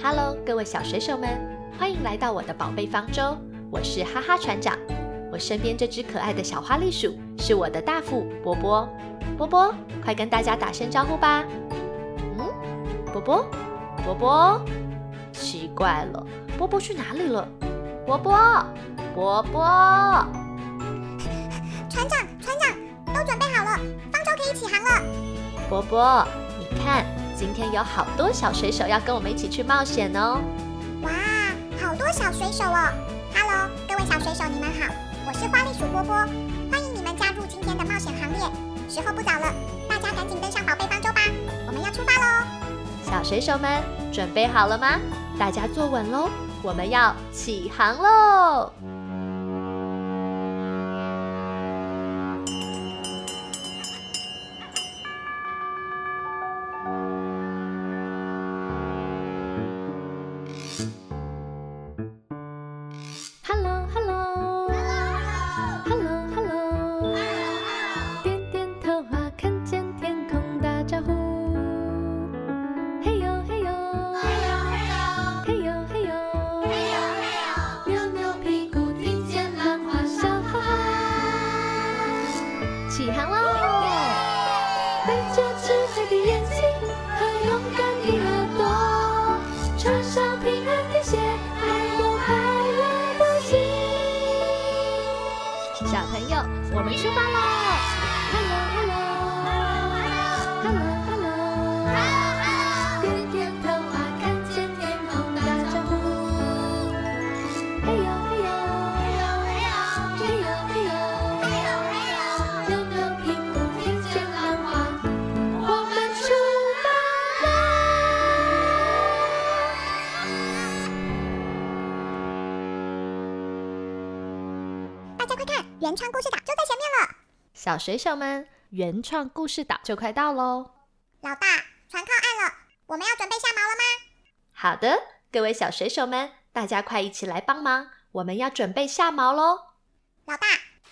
哈嘍，Hello，各位小水手們，歡迎來到我的寶貝方舟。我是哈哈船長，我身邊這隻可愛的小花栗鼠是我的大副波波。波波，快跟大家打聲招呼吧。嗯，波波，波波，奇怪了，波波去哪裡了？波波，波波，船長，船長，都準備好了，方舟可以起航了。波波，你看。今天有好多小水手要跟我們一起去冒險哦！哇，好多小水手哦！哈嘍，各位小水手，你們好，我是花栗鼠波波，歡迎你們加入今天的冒險行列。時候不早了，大家趕緊登上寶貝方舟吧，我們要出發嘍！小水手們，準備好了嗎？大家坐穩嘍，我們要起航嘍！你吃飯囉！水手們，原創故事島就快到嘍！老大，船靠岸了，我們要準備下錨了嗎？好的，各位小水手們，大家快一起來幫忙！我們要準備下錨嘍！老大，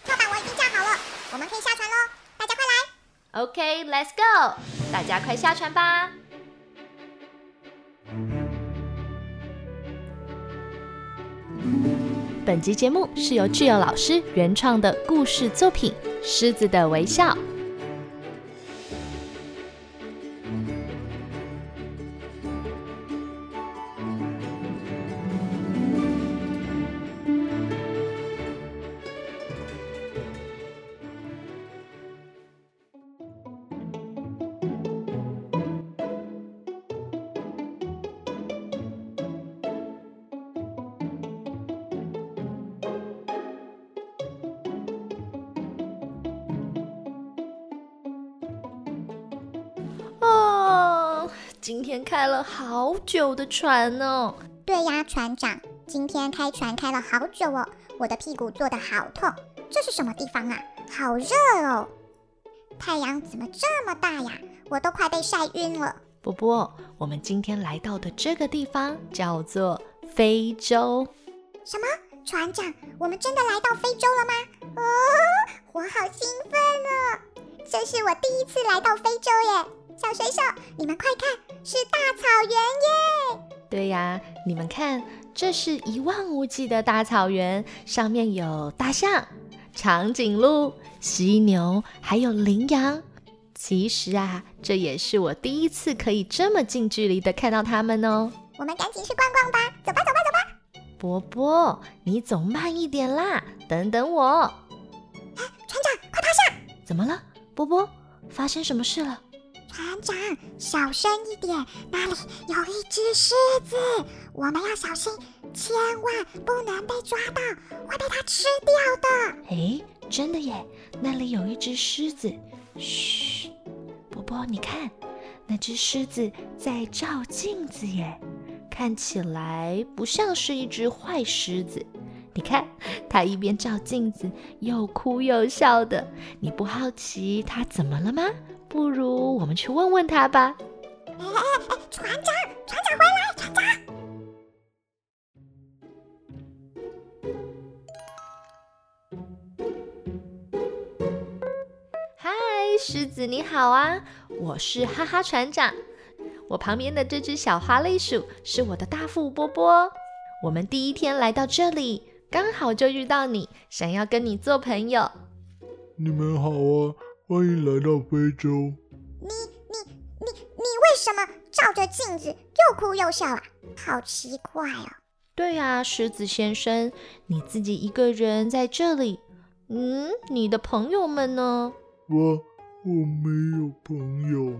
跳板我已經架好了，我們可以下船嘍！大家快來！OK，Let's go，大家快下船吧！ 本集節目是由 Jill 老師原創的故事作品《獅子的微笑》。今天開了好久的船呢、哦。對呀，船長，今天開船開了好久哦，我的屁股坐得好痛。這是什麼地方啊？好熱哦！太陽怎麼這麼大呀？我都快被曬暈了。波波，我們今天來到的這個地方叫做非洲。什麼？船長，我們真的來到非洲了嗎？哦，我好興奮哦！這是我第一次來到非洲耶。小水手，你們快看，是大草原耶！Yeah! 對呀，啊，你們看，這是一望無際的大草原，上面有大象、長頸鹿、犀牛，還有羚羊。其實啊，這也是我第一次可以這麼近距離的看到它們哦。我們趕緊去逛逛吧，走吧，走吧，走吧。波波，你走慢一點啦，等等我。哎，船長，快趴下。怎麼了，波波？發生什麼事了？船長，小聲一點，那裡有一隻獅子，我們要小心，千萬不能被抓到，會被它吃掉的。誒，真的耶，那裡有一隻獅子。噓，波波，你看，那隻獅子在照鏡子耶，看起來不像是一隻壞獅子。你看，它一邊照鏡子，又哭又笑的。你不好奇它怎麼了嗎？不如我們去問問他吧。嗯，船長，船長回來，船長。嗨，獅子你好啊！我是哈哈船長。我旁邊的這隻小花栗鼠是我的大副波波。我們第一天來到這裡，剛好就遇到你，想要跟你做朋友。你們好啊。歡迎來到非洲。你你你你為什麼照着鏡子又哭又笑啊？好奇怪哦。對呀、啊，獅子先生，你自己一個人在這裡，嗯，你的朋友們呢？我我沒有朋友。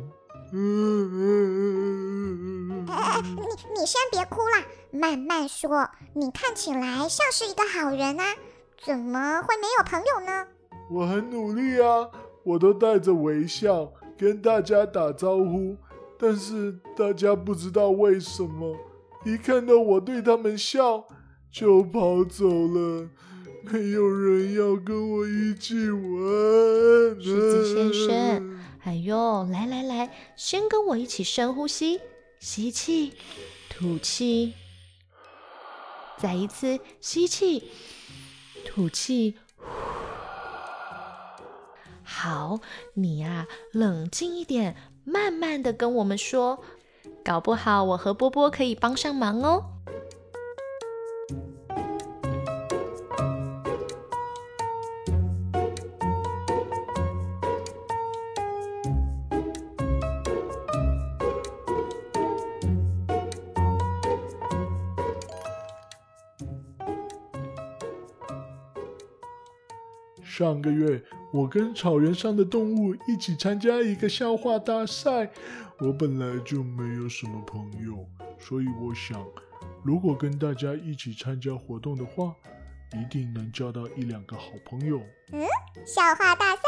呃呃呃呃、你你先別哭啦，慢慢說。你看起來像是一個好人啊，怎麼會沒有朋友呢？我很努力啊。我都帶着微笑跟大家打招呼，但是大家不知道為什麼，一看到我對他們笑就跑走了，沒有人要跟我一起玩。獅子先生，哎呦，來來來，先跟我一起深呼吸，吸氣，吐氣，再一次吸氣，吐氣。好，你呀，冷靜一點，慢慢的跟我們說，搞不好我和波波可以幫上忙哦。上個月，我跟草原上的動物一起參加一個笑話大賽。我本來就沒有什麼朋友，所以我想，如果跟大家一起參加活動的話，一定能交到一兩個好朋友。嗯？笑話大賽？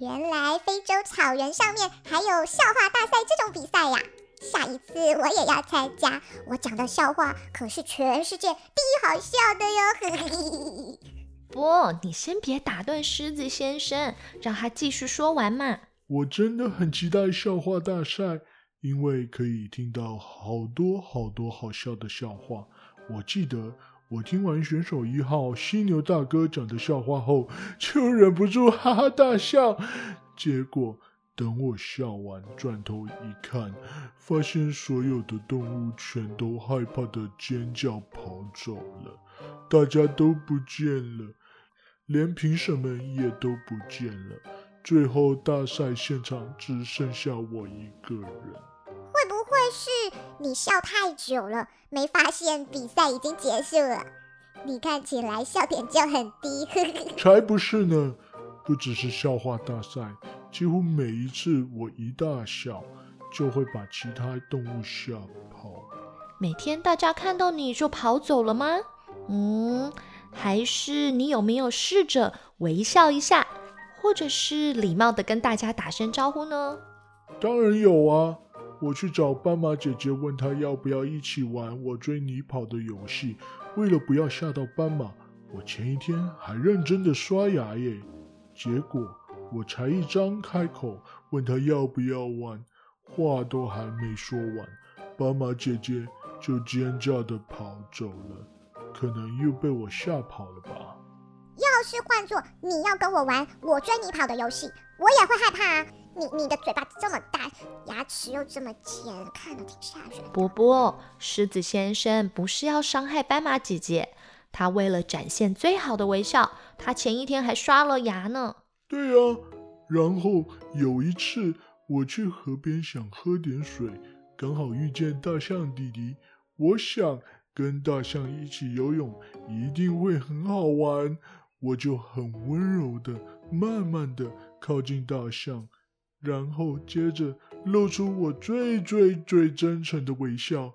原來非洲草原上面還有笑話大賽這種比賽呀！下一次我也要參加，我講的笑話可是全世界第一好笑的喲！ 不，你先別打斷獅子先生，讓他繼續說完嘛。我真的很期待笑話大賽，因為可以聽到好多好多好笑的笑話。我記得我聽完選手一號犀牛大哥講的笑話後，就忍不住哈哈大笑。結果等我笑完，轉頭一看，發現所有的動物全都害怕地尖叫跑走了，大家都不見了。連評審們也都不見了，最後大賽現場只剩下我一個人。會不會是你笑太久了，沒發現比賽已經結束了？你看起來笑點就很低， 才不是呢！不只是笑話大賽，幾乎每一次我一大笑，就會把其他動物嚇跑。每天大家看到你就跑走了嗎？嗯。還是你有沒有試着微笑一下，或者是禮貌的跟大家打聲招呼呢？當然有啊，我去找斑馬姐姐問她要不要一起玩我追你跑的遊戲。為了不要嚇到斑馬，我前一天還認真的刷牙耶。結果我才一張開口問她要不要玩，話都還沒說完，斑馬姐姐就尖叫地跑走了。可能又被我嚇跑了吧。要是換做你要跟我玩我追你跑的遊戲，我也會害怕啊。你，你的嘴巴這麼大，牙齒又這麼尖，看着挺嚇人。波波，獅子先生不是要傷害斑馬姐姐，他為了展現最好的微笑，他前一天還刷了牙呢。對呀，啊，然後有一次我去河邊想喝點水，剛好遇見大象弟弟，我想。跟大象一起游泳一定會很好玩，我就很溫柔的、慢慢的靠近大象，然後接着露出我最最最真誠的微笑。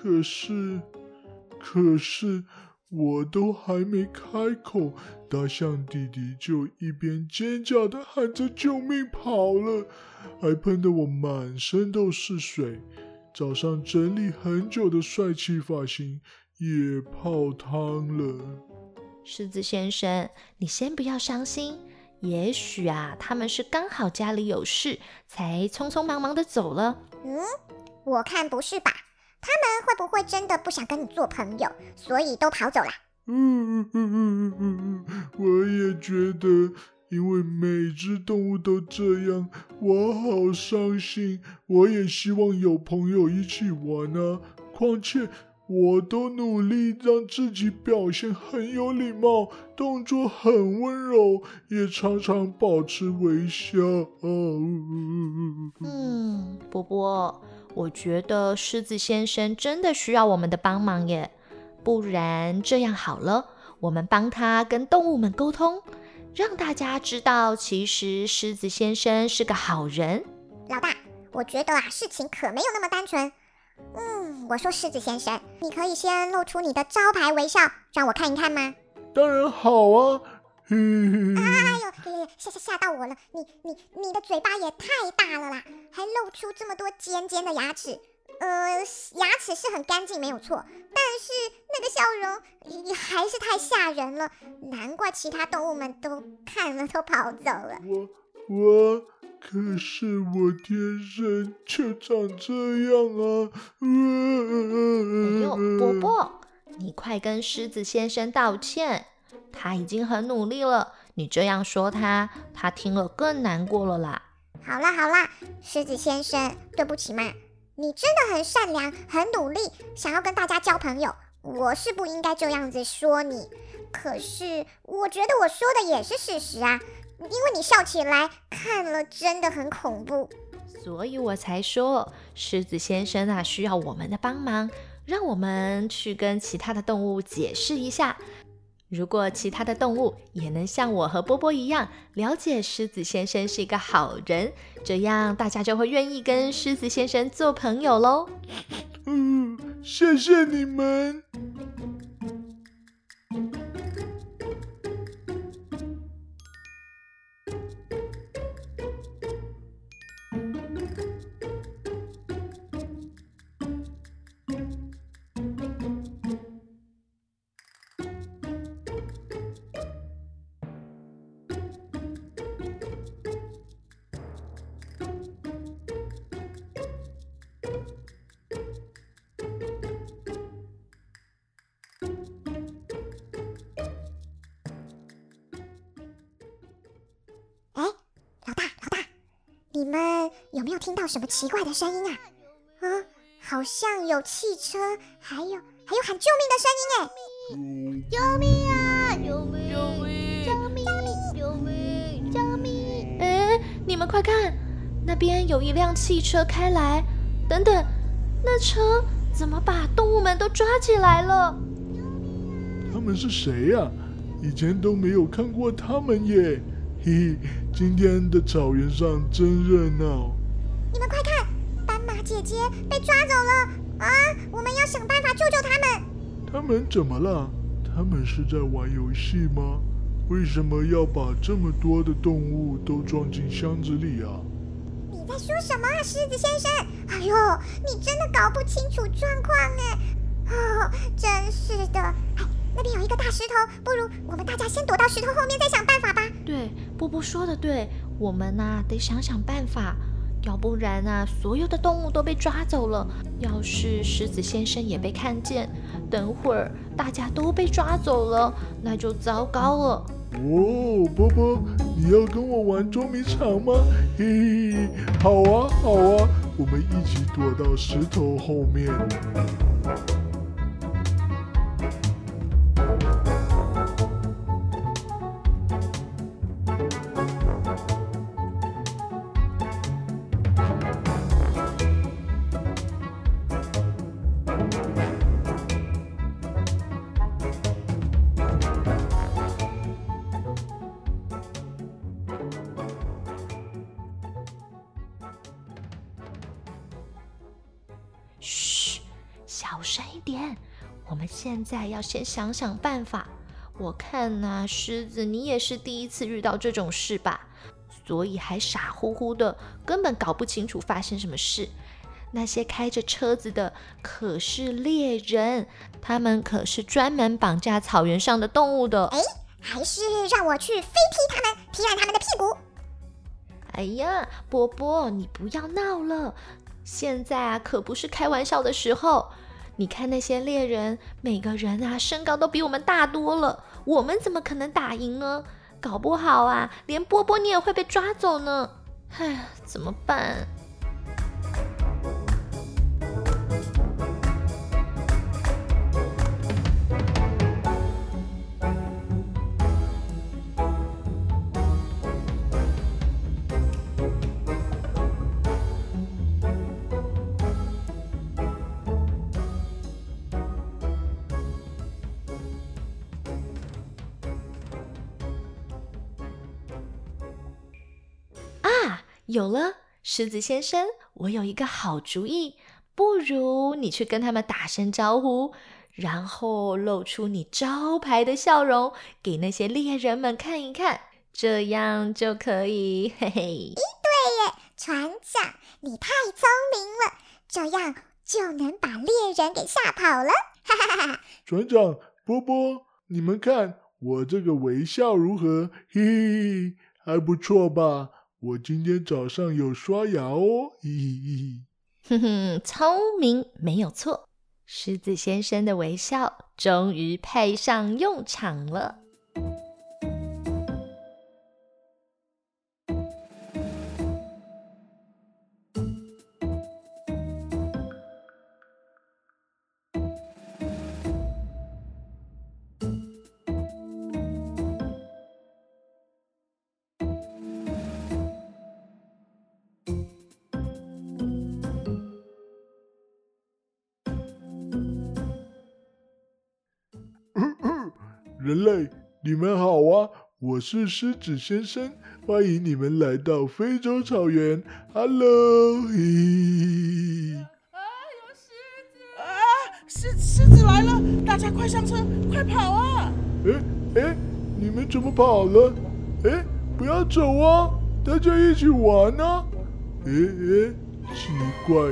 可是，可是我都還沒開口，大象弟弟就一邊尖叫的喊着救命跑了，還噴得我滿身都是水。早上整理很久的帥氣髮型也泡湯了。獅子先生，你先不要傷心，也許啊，他們是剛好家裡有事，才匆匆忙忙的走了。嗯，我看不是吧？他們會不會真的不想跟你做朋友，所以都跑走了？嗯嗯嗯嗯嗯嗯，我也覺得。因為每隻動物都這樣，我好傷心。我也希望有朋友一起玩啊！況且我都努力讓自己表現很有禮貌，動作很溫柔，也常常保持微笑啊。嗯，波波，我覺得獅子先生真的需要我們的幫忙耶！不然這樣好了，我們幫他跟動物們溝通。讓大家知道，其實獅子先生是個好人。老大，我覺得啊，事情可沒有那麼單純。嗯，我說獅子先生，你可以先露出你的招牌微笑，讓我看一看嗎？當然好啊。哎呦，嚇嚇嚇到我了！你你你的嘴巴也太大了啦，還露出這麼多尖尖的牙齒。呃，牙齒是很乾淨，沒有錯。但是那個笑容也還是太嚇人了，難怪其他動物們都看了都跑走了。我我可是我天生就長這樣啊！哎、嗯、呦，波波，你快跟獅子先生道歉，他已經很努力了，你這樣說他，他聽了更難過了啦。好啦好啦，獅子先生，對不起嘛。你真的很善良，很努力，想要跟大家交朋友。我是不應該這樣子說你，可是我覺得我說的也是事實啊，因為你笑起來看了真的很恐怖，所以我才說，獅子先生啊，需要我們的幫忙，讓我們去跟其他的動物解釋一下。如果其他的動物也能像我和波波一樣了解獅子先生是一個好人，這樣大家就會願意跟獅子先生做朋友嘍。嗯，謝謝你們。什麼奇怪的聲音啊！啊、哦，好像有汽車，還有還有喊救命的聲音哎！救命啊！救命！救命！救命！救命！救命！哎，你們快看，那邊有一輛汽車開來。等等，那車怎麼把動物們都抓起來了？救命。他們是誰呀、啊？以前都沒有看過他們耶，嘿嘿，今天的草原上真熱鬧。你們快看，斑馬姐姐被抓走了！啊，我們要想辦法救救他們。他們怎麼了？他們是在玩遊戲嗎？為什麼要把這麼多的動物都裝進箱子裡啊？你在說什麼啊，獅子先生？哎呦，你真的搞不清楚狀況誒。哦，真是的。哎，那邊有一個大石頭，不如我們大家先躲到石頭後面再想辦法吧。對，波波說的對，我們呐、啊、得想想辦法。要不然啊，所有的動物都被抓走了。要是獅子先生也被看見，等會兒大家都被抓走了，那就糟糕了。哦，波波，你要跟我玩捉迷藏嗎？嘿嘿，好啊，好啊，我們一起躲到石頭後面。我們現在要先想想辦法。我看吶，獅子，你也是第一次遇到這種事吧？所以還傻乎乎的，根本搞不清楚發生什麼事。那些開着車子的可是獵人，他們可是專門綁架草原上的動物的。哎，還是讓我去飛踢他們，踢爛他們的屁股。哎呀，波波，你不要鬧了，現在啊，可不是開玩笑的時候。你看那些獵人，每個人啊，身高都比我們大多了，我們怎麼可能打贏呢？搞不好啊，連波波你也會被抓走呢。唉，怎麼辦？有了，獅子先生，我有一個好主意，不如你去跟他們打聲招呼，然後露出你招牌的笑容給那些獵人們看一看，這樣就可以，嘿嘿。對耶，船長，你太聰明了，這樣就能把獵人給嚇跑了，哈哈哈哈。船長，波波，你們看我這個微笑如何？嘿嘿，還不錯吧？我今天早上有刷牙哦，嘿嘿嘿嘿，哼哼，聰明！沒有錯，獅子先生的微笑終於派上用場了。人類，你們好啊！我是獅子先生，歡迎你們來到非洲草原。Hello！嘿嘿啊，有獅子！啊，獅子，獅子來了，大家快上車，快跑啊！哎哎、欸欸，你們怎麼跑了？哎、欸，不要走啊！大家一起玩啊！哎、欸、哎、欸，奇怪，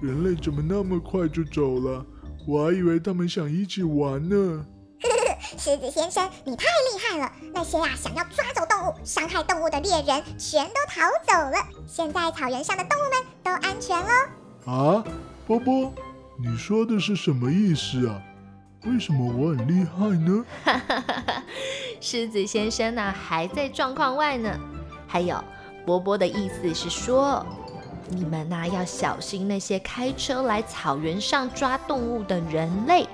人類怎麼那麼快就走了？我還以為他們想一起玩呢。獅子先生，你太厲害了！那些呀、啊、想要抓走動物、傷害動物的獵人全都逃走了。現在草原上的動物們都安全了、哦、啊，波波，你說的是什麼意思啊？為什麼我很厲害呢？哈哈哈哈，獅子先生呢、啊、還在狀況外呢。還有，波波的意思是說，你們呢、啊、要小心那些開車來草原上抓動物的人類。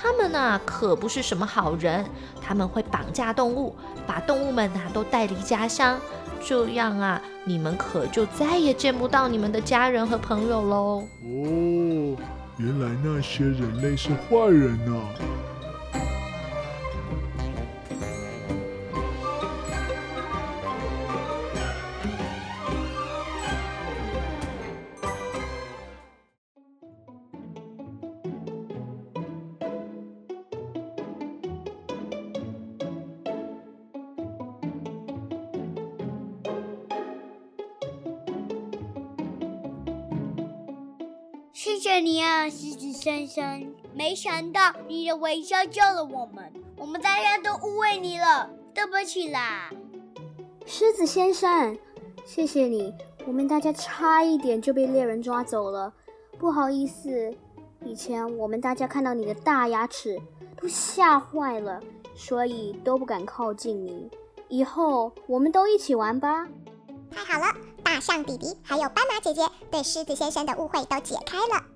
他們呢，可不是什麼好人，他們會綁架動物，把動物們吶都帶離家鄉。這樣啊，你們可就再也見不到你們的家人和朋友嘍。哦，原來那些人類是壞人啊。謝謝你啊，獅子先生！沒想到你的微笑救了我們，我們大家都誤會你了，對不起啦，獅子先生，謝謝你，我們大家差一點就被獵人抓走了，不好意思，以前我們大家看到你的大牙齒都嚇壞了，所以都不敢靠近你，以後我們都一起玩吧，太好了。象弟弟，還有斑馬姐姐對獅子先生的誤會都解開了。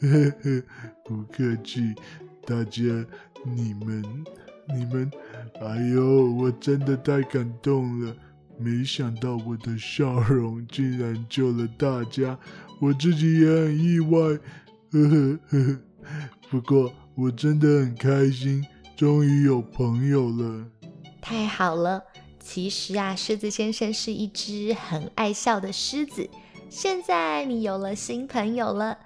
呵呵，不客氣，大家，你們，你們，哎呦，我真的太感動了！沒想到我的笑容竟然救了大家，我自己也很意外。呵呵呵呵，不過我真的很開心，終於有朋友了。太好了。其實啊，獅子先生是一隻很愛笑的獅子。現在你有了新朋友了，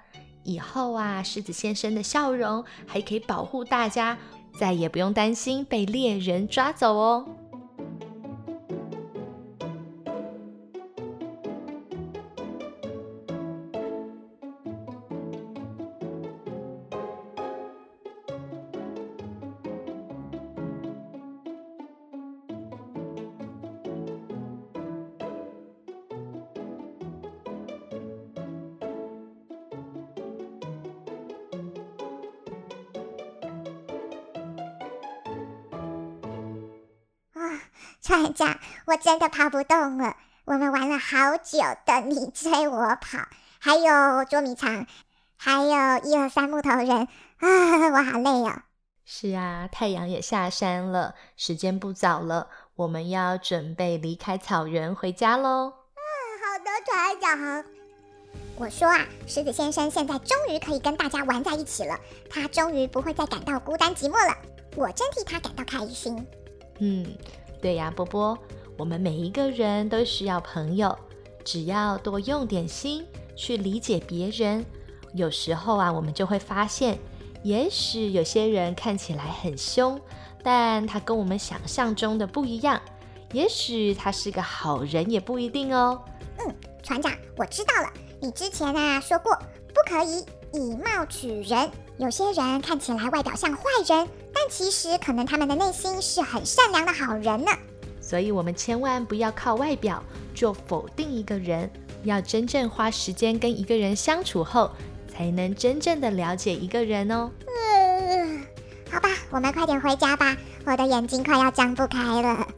以後啊，獅子先生的笑容還可以保護大家，再也不用擔心被獵人抓走哦。船長，我真的跑不動了。我們玩了好久的你追我跑，還有捉迷藏，還有一二三木頭人，啊，我好累呀、哦。是啊，太陽也下山了，時間不早了，我們要準備離開草原回家嘍。啊、嗯，好的，船長。我說啊，獅子先生現在終於可以跟大家玩在一起了，他終於不會再感到孤單寂寞了，我真替他感到開心。嗯。對呀、啊，波波，我們每一個人都需要朋友。只要多用點心去理解別人，有時候啊，我們就會發現，也許有些人看起來很兇，但他跟我們想象中的不一樣。也許他是個好人，也不一定哦。嗯，船長，我知道了。你之前啊，說過，不可以以貌取人。有些人看起來外表像壞人。但其實可能他們的內心是很善良的好人呢，所以我們千萬不要靠外表就否定一個人，要真正花時間跟一個人相處後，才能真正的了解一個人哦。嗯，好吧，我們快點回家吧，我的眼睛快要睜不開了。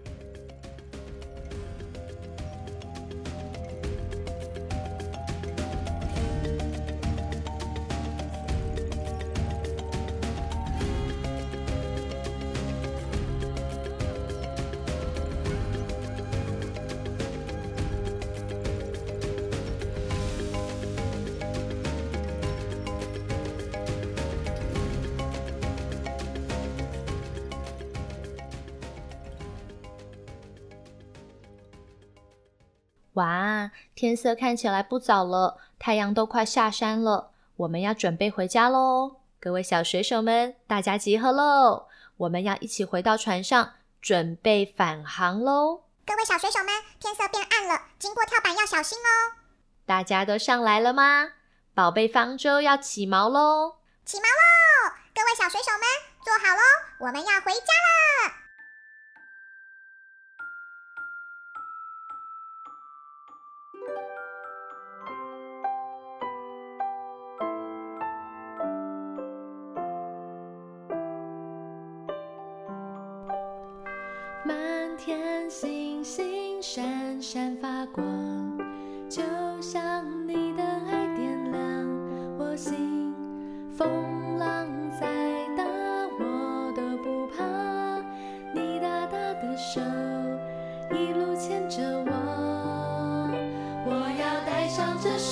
哇，天色看起來不早了，太陽都快下山了，我們要準備回家嘍！各位小水手們，大家集合嘍！我們要一起回到船上，準備返航嘍！各位小水手們，天色變暗了，經過跳板要小心哦！大家都上來了嗎？寶貝方舟要起錨嘍！起錨嘍！各位小水手們，坐好嘍，我們要回家了！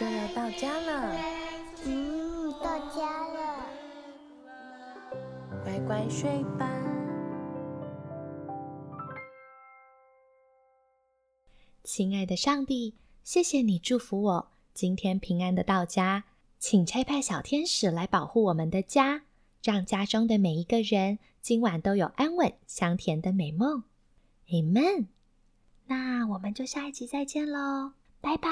就要到家了，嗯，到家了，乖乖睡吧。親愛的上帝，謝謝你祝福我今天平安的到家，請差派小天使來保護我們的家，讓家中的每一個人今晚都有安穩香甜的美夢。Amen。那我們就下一集再見嘍，拜拜。